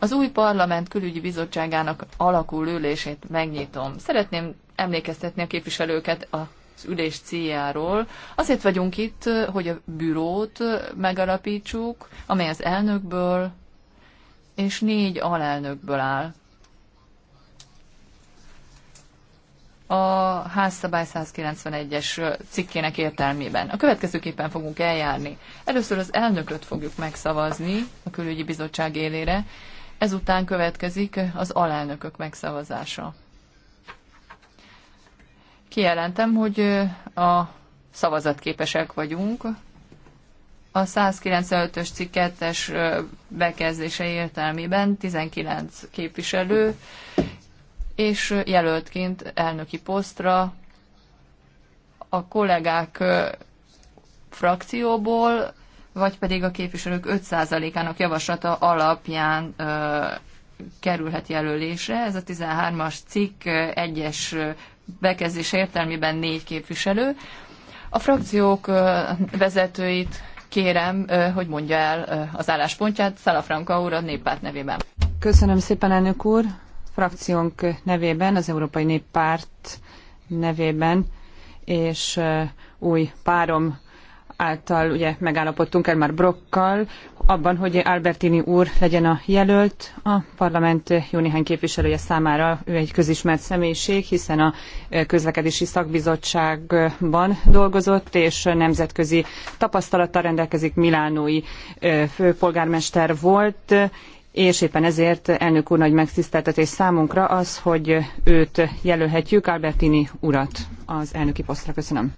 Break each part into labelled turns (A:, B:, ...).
A: az új parlament külügyi bizottságának alakul ülését megnyitom. Szeretném emlékeztetni a képviselőket az ülés céljáról. Azért vagyunk itt, hogy a bürót megalapítsuk, amely az elnökből és négy alelnökből áll. a házszabály 191-es cikkének értelmében. A következőképpen fogunk eljárni. Először az elnököt fogjuk megszavazni a külügyi bizottság élére, ezután következik az alelnökök megszavazása. Kijelentem, hogy a szavazatképesek vagyunk. A 195-ös cikkettes bekezdése értelmében 19 képviselő és jelöltként elnöki posztra a kollégák frakcióból, vagy pedig a képviselők 5%-ának javaslata alapján ö, kerülhet jelölésre. Ez a 13-as cikk egyes bekezdés értelmében négy képviselő. A frakciók vezetőit kérem, hogy mondja el az álláspontját Szalafranka úr a néppárt nevében.
B: Köszönöm szépen, elnök úr! frakciónk nevében, az Európai Néppárt nevében, és új párom által ugye megállapodtunk el már Brokkal, abban, hogy Albertini úr legyen a jelölt a parlament jó néhány képviselője számára. Ő egy közismert személyiség, hiszen a közlekedési szakbizottságban dolgozott, és nemzetközi tapasztalattal rendelkezik, milánói főpolgármester volt, és éppen ezért elnök úr nagy megtiszteltetés számunkra az, hogy őt jelölhetjük, Albertini urat az elnöki posztra. Köszönöm.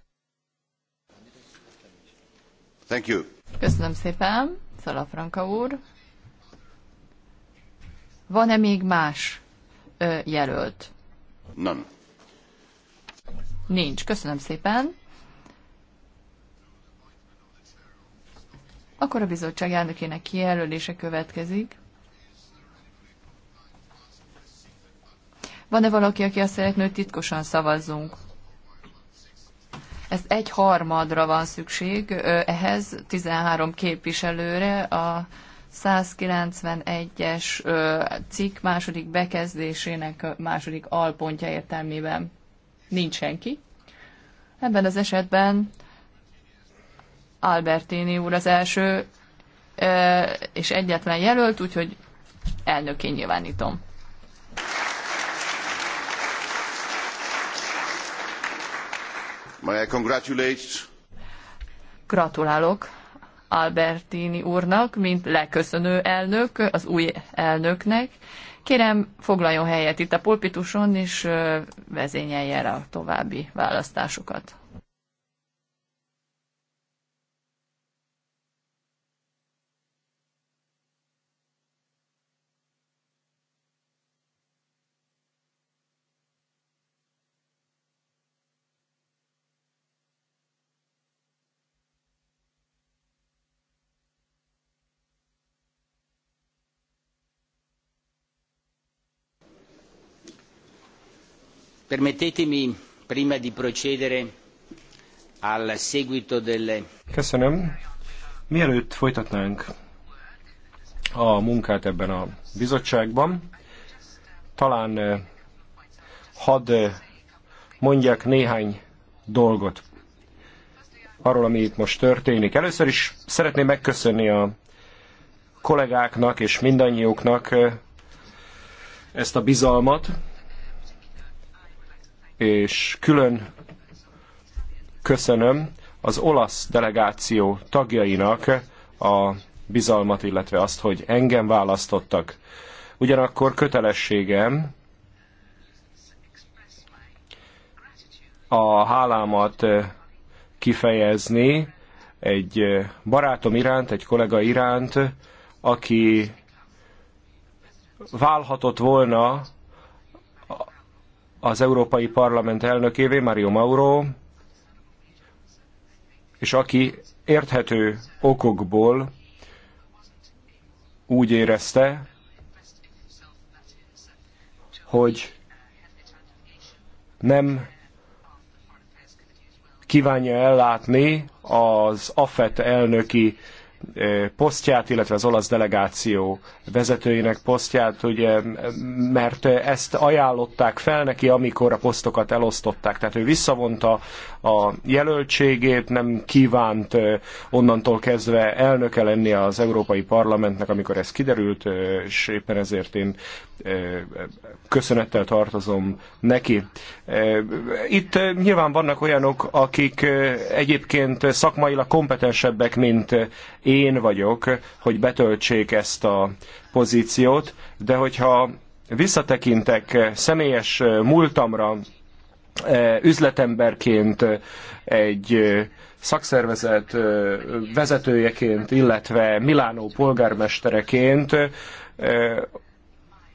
B: Thank you.
A: Köszönöm szépen, Szalafranka úr. Van-e még más ö, jelölt? Nem. Nincs, köszönöm szépen. Akkor a bizottság elnökének kijelölése következik. Van-e valaki, aki azt szeretné, hogy titkosan szavazzunk? Ez egy harmadra van szükség, ehhez 13 képviselőre a 191-es cikk második bekezdésének második alpontja értelmében nincs senki. Ebben az esetben Albertini úr az első és egyetlen jelölt, úgyhogy elnökén nyilvánítom.
B: May I congratulate?
A: Gratulálok Albertini úrnak, mint leköszönő elnök, az új elnöknek. Kérem, foglaljon helyet itt a pulpituson, és vezényelje el a további választásokat.
C: Permettetemi prima di procedere al seguito delle...
D: Köszönöm. Mielőtt folytatnánk a munkát ebben a bizottságban, talán eh, hadd eh, mondjak néhány dolgot arról, ami itt most történik. Először is szeretném megköszönni a kollégáknak és mindannyiuknak eh, ezt a bizalmat, és külön köszönöm az olasz delegáció tagjainak a bizalmat, illetve azt, hogy engem választottak. Ugyanakkor kötelességem a hálámat kifejezni egy barátom iránt, egy kollega iránt, aki válhatott volna az Európai Parlament elnökévé, Mario Mauro, és aki érthető okokból úgy érezte, hogy nem kívánja ellátni az AFET elnöki posztját, illetve az olasz delegáció vezetőjének posztját, ugye, mert ezt ajánlották fel neki, amikor a posztokat elosztották. Tehát ő visszavonta a jelöltségét, nem kívánt onnantól kezdve elnöke lenni az Európai Parlamentnek, amikor ez kiderült, és éppen ezért én köszönettel tartozom neki. Itt nyilván vannak olyanok, akik egyébként szakmailag kompetensebbek, mint én vagyok, hogy betöltsék ezt a pozíciót, de hogyha visszatekintek személyes múltamra, üzletemberként, egy szakszervezet vezetőjeként, illetve Milánó polgármestereként,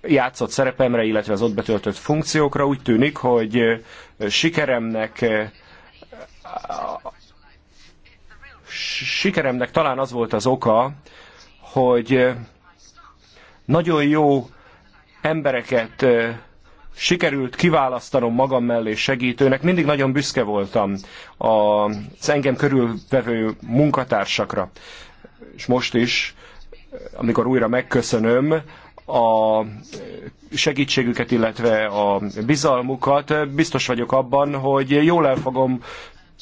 D: játszott szerepemre, illetve az ott betöltött funkciókra. Úgy tűnik, hogy sikeremnek sikeremnek talán az volt az oka, hogy nagyon jó embereket sikerült kiválasztanom magam mellé segítőnek, mindig nagyon büszke voltam az engem körülvevő munkatársakra. És most is, amikor újra megköszönöm, a segítségüket, illetve a bizalmukat. Biztos vagyok abban, hogy jól el fogom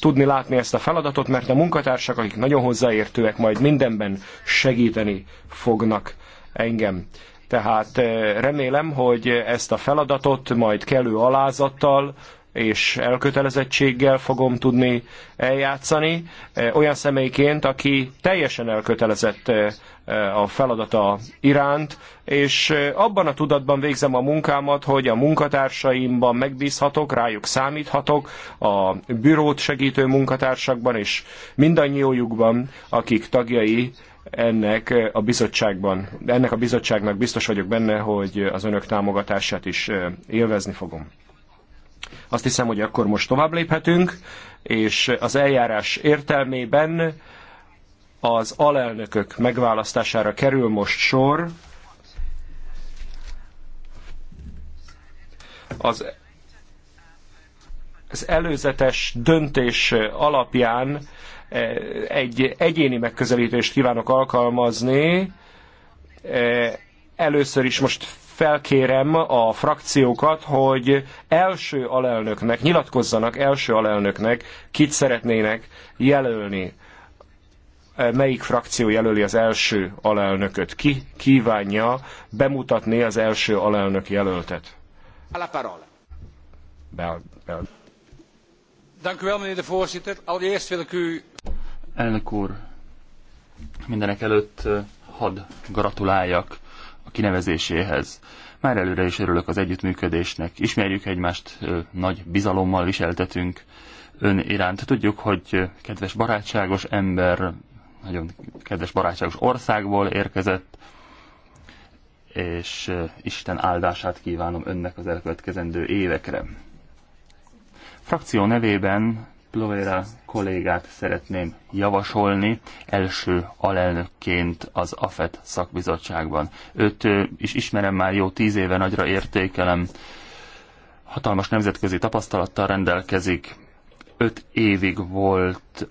D: tudni látni ezt a feladatot, mert a munkatársak, akik nagyon hozzáértőek, majd mindenben segíteni fognak engem. Tehát eh, remélem, hogy ezt a feladatot majd kellő alázattal és elkötelezettséggel fogom tudni eljátszani, eh, olyan személyként, aki teljesen elkötelezett eh, eh, a feladata iránt, és abban a tudatban végzem a munkámat, hogy a munkatársaimban megbízhatok, rájuk számíthatok, a bürót segítő munkatársakban és mindannyiójukban, akik tagjai ennek a bizottságban, ennek a bizottságnak biztos vagyok benne, hogy az önök támogatását is élvezni fogom. Azt hiszem, hogy akkor most tovább léphetünk, és az eljárás értelmében az alelnökök megválasztására kerül most sor. Az, az előzetes döntés alapján eh, egy egyéni megközelítést kívánok alkalmazni. Eh, először is most felkérem a frakciókat, hogy első alelnöknek, nyilatkozzanak első alelnöknek, kit szeretnének jelölni. E, melyik frakció jelöli az első alelnököt? Ki kívánja bemutatni az első alelnök jelöltet? La parola. Bel, bel.
C: Dank u wel, meneer de voorzitter. Allereerst wil ik u...
D: Elnök úr,
E: mindenek előtt e, hadd gratuláljak kinevezéséhez. Már előre is örülök az együttműködésnek, ismerjük egymást, nagy bizalommal viseltetünk ön iránt. Tudjuk, hogy kedves barátságos ember, nagyon kedves barátságos országból érkezett, és Isten áldását kívánom önnek az elkövetkezendő évekre. Frakció nevében Plovera kollégát szeretném javasolni első alelnökként az AFET szakbizottságban. Őt is ismerem már jó tíz éve, nagyra értékelem, hatalmas nemzetközi tapasztalattal rendelkezik. Öt évig volt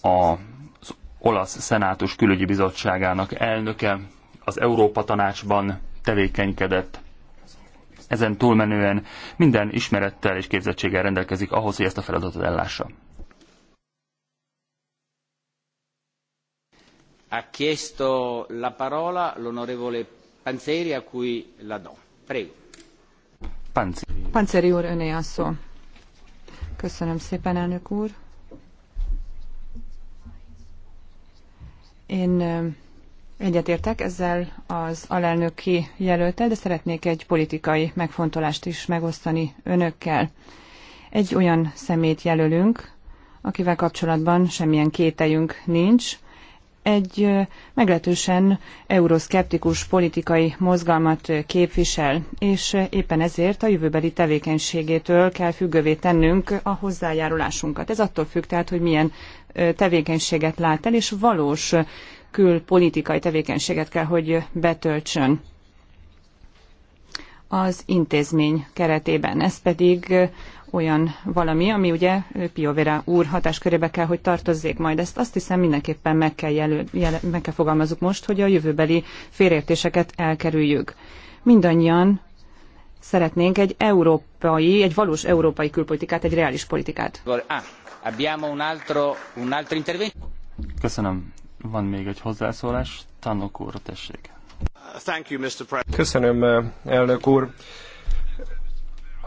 E: az olasz szenátus külügyi bizottságának elnöke, az Európa tanácsban tevékenykedett, ezen túlmenően minden ismerettel és képzettséggel rendelkezik ahhoz, hogy ezt a feladatot ellássa.
C: Ha chiesto la parola l'onorevole Panzeri, a cui la do. Prego. Panzeri. Panzeri
B: úr, öné a szó. Köszönöm szépen, elnök úr. Én Egyetértek ezzel az alelnöki jelöltel, de szeretnék egy politikai megfontolást is megosztani önökkel. Egy olyan szemét jelölünk, akivel kapcsolatban semmilyen kételjünk nincs. Egy meglehetősen euroszkeptikus politikai mozgalmat képvisel, és éppen ezért a jövőbeli tevékenységétől kell függővé tennünk a hozzájárulásunkat. Ez attól függ tehát, hogy milyen tevékenységet lát el, és valós külpolitikai tevékenységet kell, hogy betöltsön az intézmény keretében. Ez pedig olyan valami, ami ugye Piovera úr hatáskörébe kell, hogy tartozzék majd. Ezt azt hiszem mindenképpen meg kell, jelöl, jel, meg kell fogalmazunk most, hogy a jövőbeli félértéseket elkerüljük. Mindannyian szeretnénk egy európai, egy valós európai külpolitikát, egy reális politikát.
E: Köszönöm.
D: Van még egy hozzászólás. Tannok úr, tessék. Köszönöm, eh, elnök úr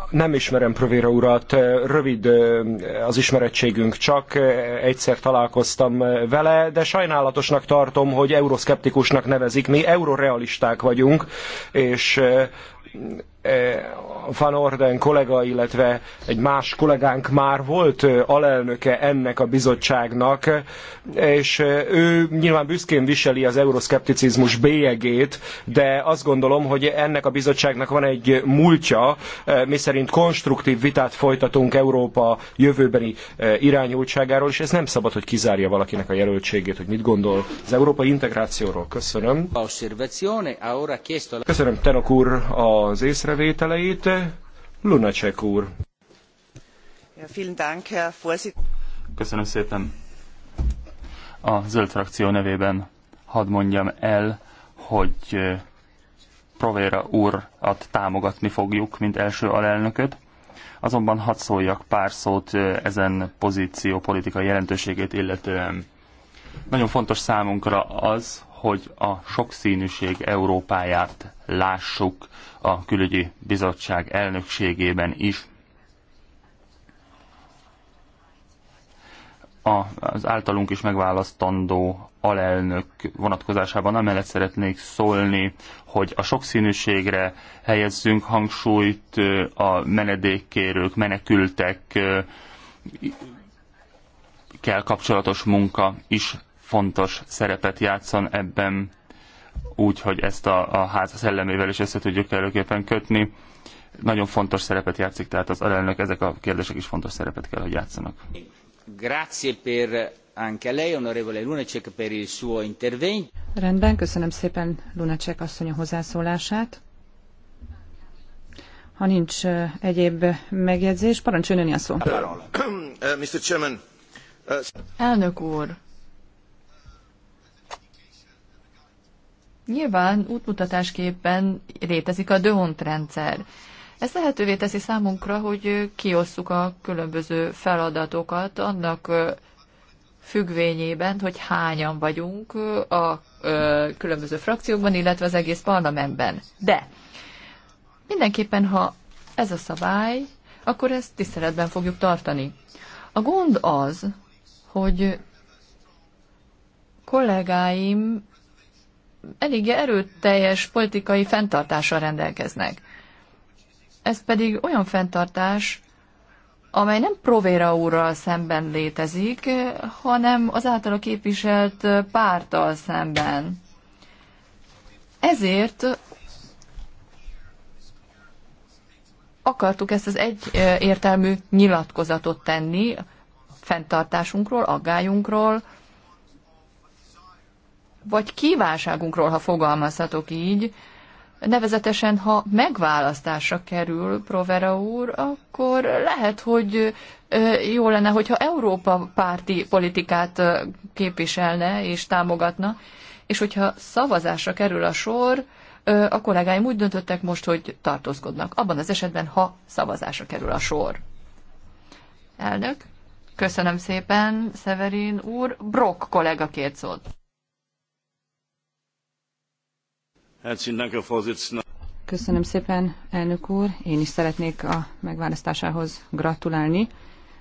D: nem ismerem Provéra urat, eh, rövid eh, az ismerettségünk csak, egyszer találkoztam vele, de sajnálatosnak tartom, hogy euroszkeptikusnak nevezik. Mi eurorealisták vagyunk, és Eh, van Orden kollega, illetve egy más kollégánk már volt eh, alelnöke ennek a bizottságnak, eh, és ő nyilván büszkén viseli az euroszkepticizmus bélyegét, de azt gondolom, hogy ennek a bizottságnak van egy múltja, miszerint konstruktív vitát folytatunk Európa jövőbeni irányultságáról, és ez nem szabad, hogy kizárja valakinek a jelöltségét, hogy mit gondol az európai integrációról. Köszönöm. Köszönöm, Tenok úr, az észre észrevételeit. Lunacek úr. Köszönöm szépen. A zöld
E: frakció nevében hadd mondjam el, hogy Provera úrat támogatni fogjuk, mint első alelnököt. Azonban hadd szóljak pár szót ezen pozíció politikai jelentőségét illetően. Nagyon fontos számunkra az, hogy a sokszínűség Európáját lássuk a külügyi bizottság elnökségében is. az általunk is megválasztandó alelnök vonatkozásában amellett szeretnék szólni, hogy a sokszínűségre helyezzünk hangsúlyt a menedékkérők, menekültek kell kapcsolatos munka is fontos szerepet játszon ebben, úgy, hogy ezt a, a ház szellemével is össze tudjuk előképpen kötni. Nagyon fontos szerepet játszik, tehát az alelnök, ezek a kérdések is fontos szerepet kell, hogy játszanak.
C: Grazie per anche lei, onorevole Lunacek, per il suo intervento.
B: Rendben, köszönöm szépen Lunacek asszony a hozzászólását. Ha nincs egyéb megjegyzés, parancsoljon a szó.
D: Mr. Chairman,
A: Elnök úr, Nyilván útmutatásképpen létezik a DONT rendszer. Ez lehetővé teszi számunkra, hogy kiosszuk a különböző feladatokat annak függvényében, hogy hányan vagyunk a különböző frakciókban, illetve az egész parlamentben. De mindenképpen, ha ez a szabály, akkor ezt tiszteletben fogjuk tartani. A gond az, hogy kollégáim eléggé erőteljes politikai fenntartással rendelkeznek. Ez pedig olyan fenntartás, amely nem Provera úrral szemben létezik, hanem az általa képviselt pártal szemben. Ezért akartuk ezt az egyértelmű nyilatkozatot tenni fenntartásunkról, aggályunkról, vagy kívánságunkról, ha fogalmazhatok így, nevezetesen, ha megválasztásra kerül Provera úr, akkor lehet, hogy jó lenne, hogyha Európa párti politikát képviselne és támogatna, és hogyha szavazásra kerül a sor, a kollégáim úgy döntöttek most, hogy tartózkodnak. Abban az esetben, ha szavazásra kerül a sor. Elnök, köszönöm szépen, Severin úr. Brock kollega kért szót.
B: Köszönöm szépen, elnök úr. Én is szeretnék a megválasztásához gratulálni.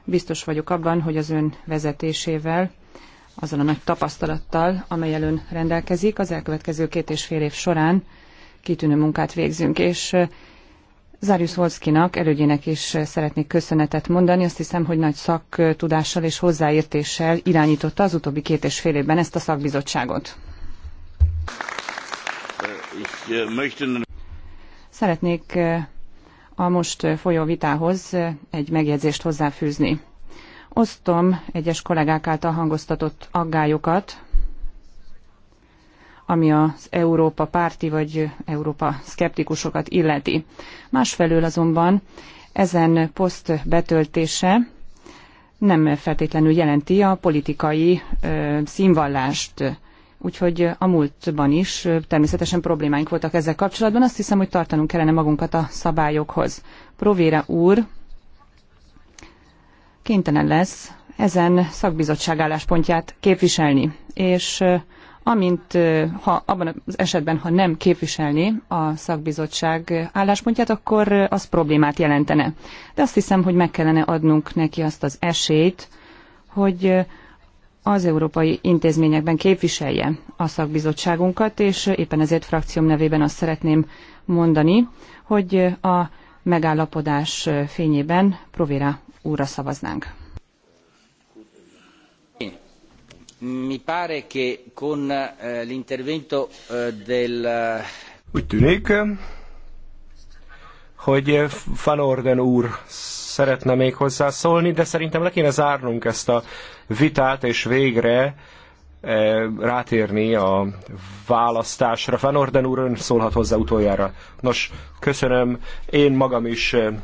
B: Biztos vagyok abban, hogy az ön vezetésével, azzal a nagy tapasztalattal, amelyel ön rendelkezik, az elkövetkező két és fél év során kitűnő munkát végzünk, és Zárius Volszkinak, elődjének is szeretnék köszönetet mondani. Azt hiszem, hogy nagy szaktudással és hozzáértéssel irányította az utóbbi két és fél évben ezt a szakbizottságot. Szeretnék a most folyó vitához egy megjegyzést hozzáfűzni. Osztom egyes kollégák által hangoztatott aggályokat, ami az Európa párti vagy Európa szkeptikusokat illeti. Másfelől azonban ezen poszt betöltése nem feltétlenül jelenti a politikai ö, színvallást. Úgyhogy a múltban is természetesen problémáink voltak ezzel kapcsolatban. Azt hiszem, hogy tartanunk kellene magunkat a szabályokhoz. Provéra úr kénytelen lesz ezen szakbizottság álláspontját képviselni, és amint ha abban az esetben, ha nem képviselni a szakbizottság álláspontját, akkor az problémát jelentene. De azt hiszem, hogy meg kellene adnunk neki azt az esélyt, hogy az európai intézményekben képviselje a szakbizottságunkat, és éppen ezért frakcióm nevében azt szeretném mondani, hogy a megállapodás fényében Provera úrra szavaznánk.
C: Mi pare che con eh, l'intervento eh, del... Eh,
D: Úgy tűnik, hogy eh, Van Orden úr szeretne még hozzászólni, de szerintem le kéne zárnunk ezt a vitát, és végre eh, rátérni a választásra. Van Orden úr ön szólhat hozzá utoljára. Nos, köszönöm. Én magam is eh,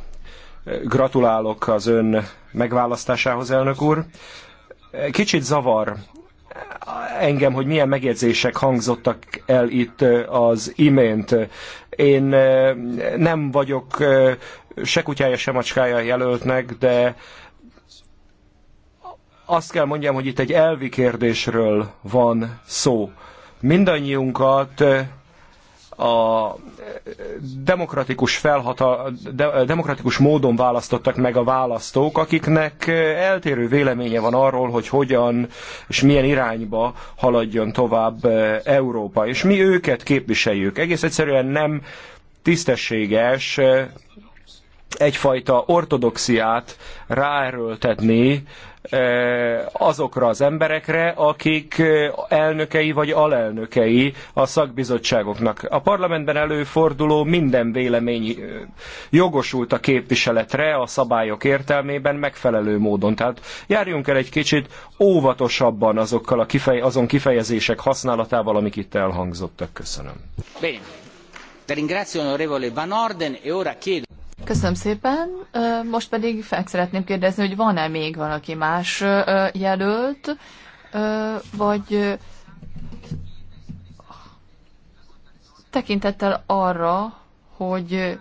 D: gratulálok az ön megválasztásához, elnök úr. Kicsit zavar engem, hogy milyen megjegyzések hangzottak el itt az imént. Én nem vagyok se kutyája, se macskája jelöltnek, de azt kell mondjam, hogy itt egy elvi kérdésről van szó. Mindannyiunkat a e, demokratikus, felhata, de, e, demokratikus módon választottak meg a választók, akiknek e, eltérő véleménye van arról, hogy hogyan és milyen irányba haladjon tovább Európa. És mi őket képviseljük. Egész egyszerűen nem tisztességes egyfajta ortodoxiát ráerőltetni azokra az emberekre, akik elnökei vagy alelnökei a szakbizottságoknak. A parlamentben előforduló minden vélemény jogosult a képviseletre a szabályok értelmében megfelelő módon. Tehát járjunk el egy kicsit óvatosabban azokkal a kifej, azon kifejezések használatával, amik itt elhangzottak. Köszönöm. Bene. Ringrazio
C: onorevole Van Orden e ora chiedo
A: Köszönöm szépen. Most pedig fel szeretném kérdezni, hogy van-e még valaki más jelölt, vagy tekintettel arra, hogy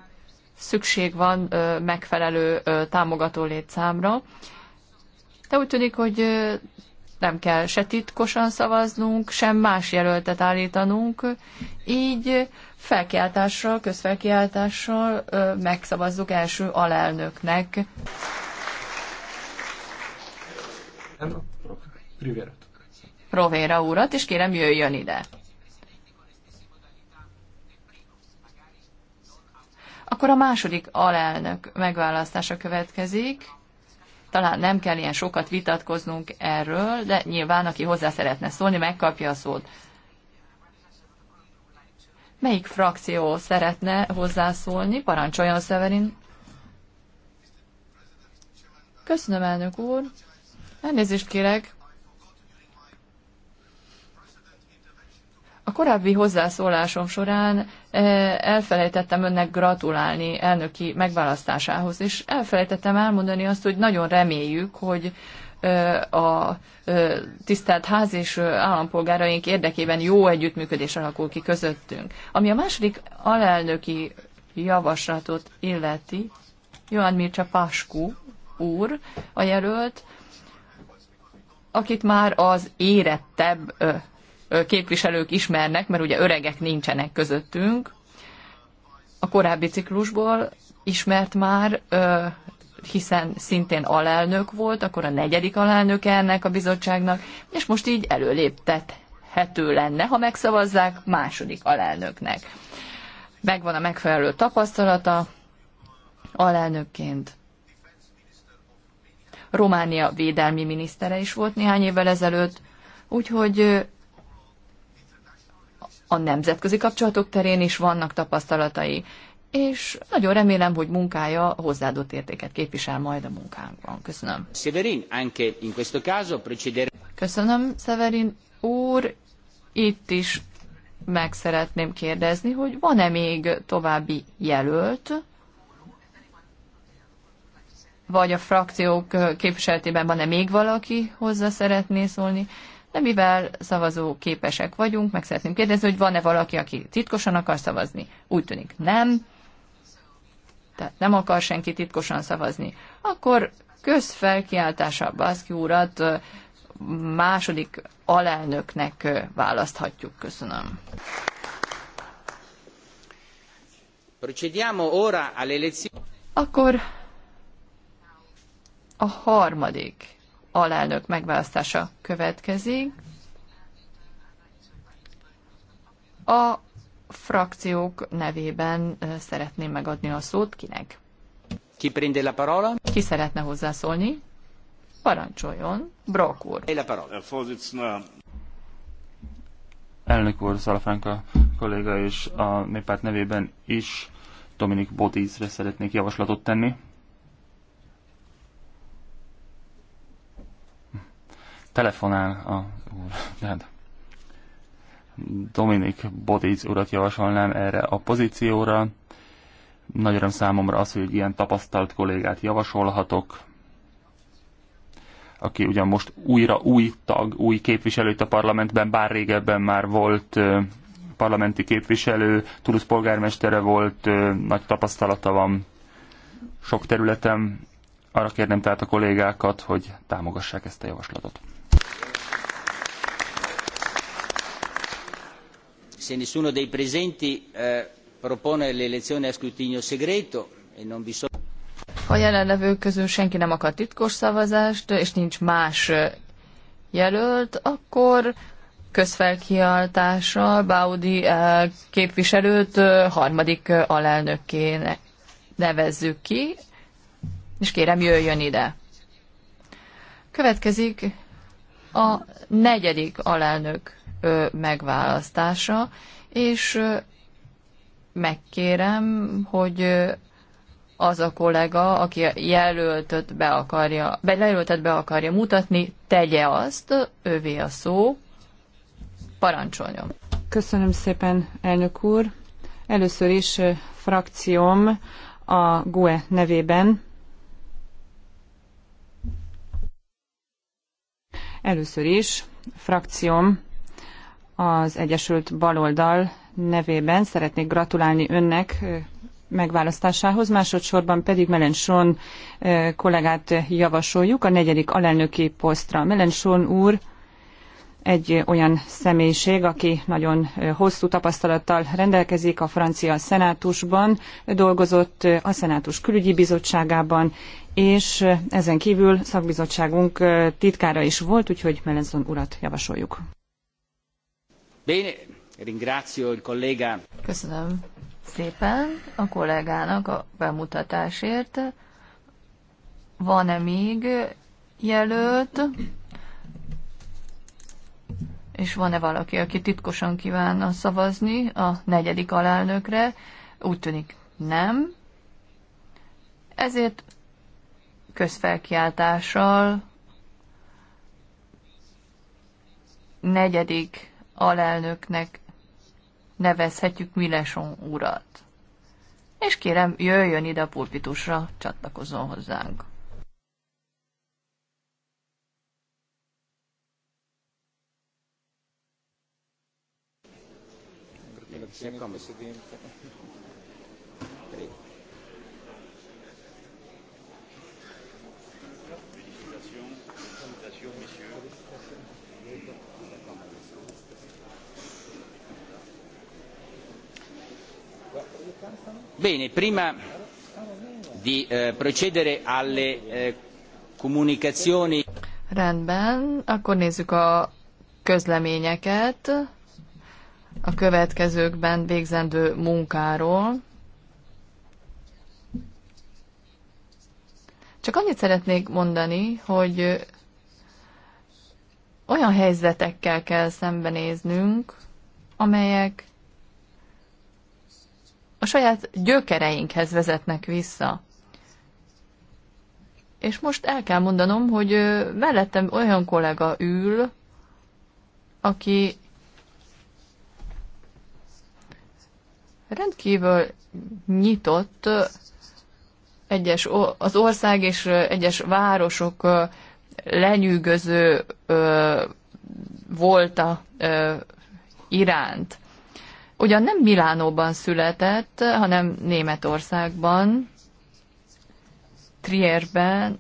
A: szükség van megfelelő támogató létszámra. De úgy tűnik, hogy nem kell se titkosan szavaznunk, sem más jelöltet állítanunk, így felkiáltással, közfelkiáltással megszavazzuk első alelnöknek. Provéra urat, és kérem jöjjön ide. Akkor a második alelnök megválasztása következik. Talán nem kell ilyen sokat vitatkoznunk erről, de nyilván, aki hozzá szeretne szólni, megkapja a szót. Melyik frakció szeretne hozzászólni? Parancsoljon, Szeverin. Köszönöm, elnök úr. Elnézést kérek. A korábbi hozzászólásom során eh, elfelejtettem önnek gratulálni elnöki megválasztásához, és elfelejtettem elmondani azt, hogy nagyon reméljük, hogy eh, a eh, tisztelt ház és állampolgáraink érdekében jó együttműködés alakul ki közöttünk. Ami a második alelnöki javaslatot illeti, Johan Mircea Pascu úr, a jelölt, akit már az érettebb képviselők ismernek, mert ugye öregek nincsenek közöttünk. A korábbi ciklusból ismert már, hiszen szintén alelnök volt, akkor a negyedik alelnök ennek a bizottságnak, és most így előléptethető lenne, ha megszavazzák második alelnöknek. Megvan a megfelelő tapasztalata alelnökként. Románia védelmi minisztere is volt néhány évvel ezelőtt, úgyhogy a nemzetközi kapcsolatok terén is vannak tapasztalatai, és nagyon remélem, hogy munkája hozzáadott értéket képvisel majd a munkánkban. Köszönöm.
C: Severin, anche in questo caso procedere...
A: Köszönöm, Severin úr. Itt is meg szeretném kérdezni, hogy van-e még további jelölt, vagy a frakciók képviseletében van-e még valaki hozzá szeretné szólni? de mivel szavazó képesek vagyunk, meg szeretném kérdezni, hogy van-e valaki, aki titkosan akar szavazni. Úgy tűnik nem, tehát nem akar senki titkosan szavazni. Akkor közfelkiáltása Baszki úrat második alelnöknek választhatjuk. Köszönöm.
C: Procediamo ora alle
A: Akkor a harmadik alelnök megválasztása következik. A frakciók nevében szeretném megadni a szót kinek.
C: Ki prende la parola?
A: Ki szeretne hozzászólni? Parancsoljon,
C: Brock úr. La parola.
E: Elnök úr, Szalafánka kolléga és a néppárt nevében is Dominik Bodízre szeretnék javaslatot tenni. telefonál a Dominik Bodic urat javasolnám erre a pozícióra. Nagy öröm számomra az, hogy ilyen tapasztalt kollégát javasolhatok, aki ugyan most újra új tag, új itt a parlamentben, bár régebben már volt parlamenti képviselő, Toulouse polgármestere volt, nagy tapasztalata van sok területen. Arra kérném tehát a kollégákat, hogy támogassák ezt a javaslatot.
C: se nessuno dei presenti eh, propone l'elezione a scrutinio segreto e non vi sono
A: a jelenlevők közül senki nem akar titkos szavazást, és nincs más eh, jelölt, akkor közfelkiáltással Baudi eh, képviselőt harmadik alelnökkének nevezzük ki, és kérem jöjjön ide. Következik a negyedik alelnök megválasztása, és megkérem, hogy az a kollega, aki jelöltet be akarja, be, jelöltet be akarja mutatni, tegye azt, ővé a szó, parancsoljon. Köszönöm szépen, elnök úr. Először is
B: frakcióm a GUE nevében Először is frakcióm az Egyesült Baloldal nevében szeretnék gratulálni önnek megválasztásához, másodszorban pedig Melenson kollégát javasoljuk a negyedik alelnöki posztra. Melenson úr egy olyan személyiség, aki nagyon hosszú tapasztalattal rendelkezik a francia szenátusban, dolgozott a szenátus külügyi bizottságában, és ezen kívül szakbizottságunk titkára is volt, úgyhogy Melenson urat javasoljuk.
A: Köszönöm szépen a kollégának a bemutatásért. Van-e még jelölt? És van-e valaki, aki titkosan kívánna szavazni a negyedik alelnökre? Úgy tűnik nem. Ezért közfelkiáltással negyedik alelnöknek nevezhetjük Mileson urat. És kérem, jöjjön ide a pulpitusra, csatlakozzon hozzánk.
C: Köszönöm, Bene, prima di eh, procedere alle eh, comunicazioni.
A: Rendben, akkor nézzük a közleményeket a következőkben végzendő munkáról. Csak annyit szeretnék mondani, hogy olyan helyzetekkel kell szembenéznünk, amelyek a saját gyökereinkhez vezetnek vissza. És most el kell mondanom, hogy mellettem olyan kollega ül, aki rendkívül nyitott egyes, az ország és egyes városok lenyűgöző volta iránt ugyan nem Milánóban született, hanem Németországban, Trierben.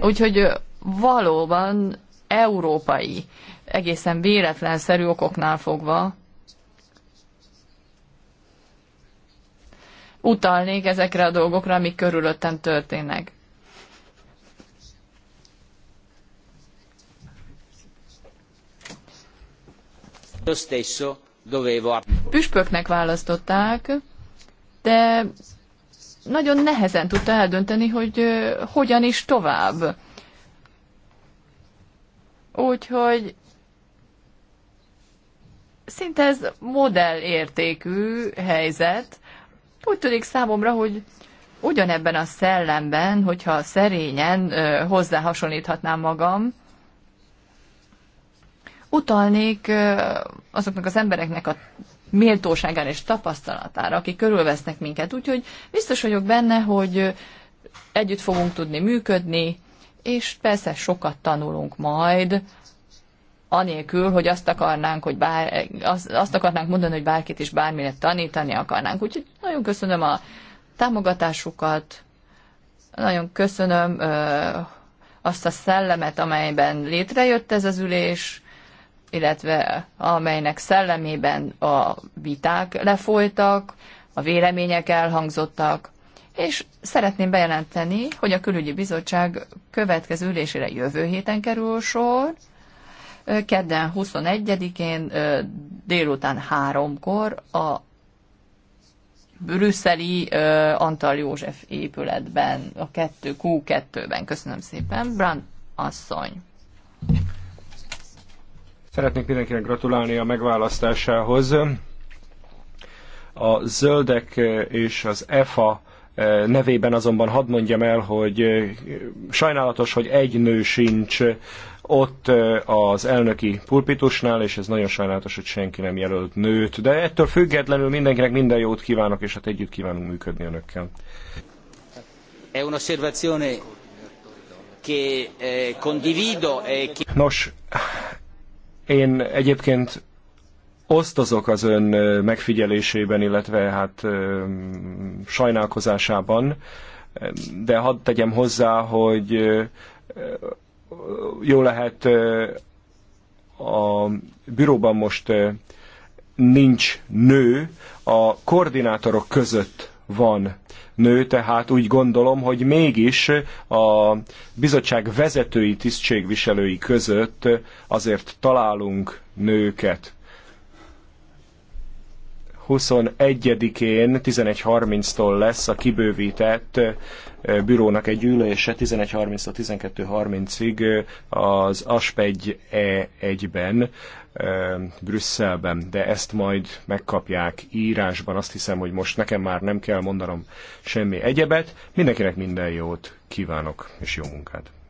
A: Úgyhogy valóban európai, egészen véletlenszerű okoknál fogva utalnék ezekre a dolgokra, amik körülöttem történnek. Püspöknek választották, de nagyon nehezen tudta eldönteni, hogy hogyan is tovább. Úgyhogy szinte ez modellértékű helyzet. Úgy tűnik számomra, hogy ugyanebben a szellemben, hogyha szerényen hozzá hozzáhasonlíthatnám magam, utalnék azoknak az embereknek a méltóságára és tapasztalatára, akik körülvesznek minket. Úgyhogy biztos vagyok benne, hogy együtt fogunk tudni működni, és persze sokat tanulunk majd, anélkül, hogy azt akarnánk, hogy bár, azt, akarnánk mondani, hogy bárkit is bármire tanítani akarnánk. Úgyhogy nagyon köszönöm a támogatásukat, nagyon köszönöm ö, azt a szellemet, amelyben létrejött ez az ülés, illetve amelynek szellemében a viták lefolytak, a vélemények elhangzottak, és szeretném bejelenteni, hogy a külügyi bizottság következő ülésére jövő héten kerül sor, kedden 21-én délután háromkor a brüsszeli Antal József épületben, a 2Q2-ben. Köszönöm szépen, Brand asszony.
D: Szeretnék mindenkinek gratulálni a megválasztásához. A zöldek és az EFA nevében azonban hadd mondjam el, hogy sajnálatos, hogy egy nő sincs ott az elnöki pulpitusnál, és ez nagyon sajnálatos, hogy senki nem jelölt nőt, de ettől függetlenül mindenkinek minden jót kívánok, és hát együtt kívánunk működni önökkel.
C: Eh, e
D: Nos, én egyébként osztozok az ön megfigyelésében, illetve hát sajnálkozásában, de hadd tegyem hozzá, hogy jó lehet a büróban most nincs nő, a koordinátorok között van nő, tehát úgy gondolom, hogy mégis a bizottság vezetői tisztségviselői között azért találunk nőket. 21-én 11.30-tól lesz a kibővített bürónak egy ülése 11.30-tól 12.30-ig az Aspegy E1-ben Brüsszelben, de ezt majd megkapják írásban. Azt hiszem, hogy most nekem már nem kell mondanom semmi egyebet. Mindenkinek minden jót kívánok, és jó munkát!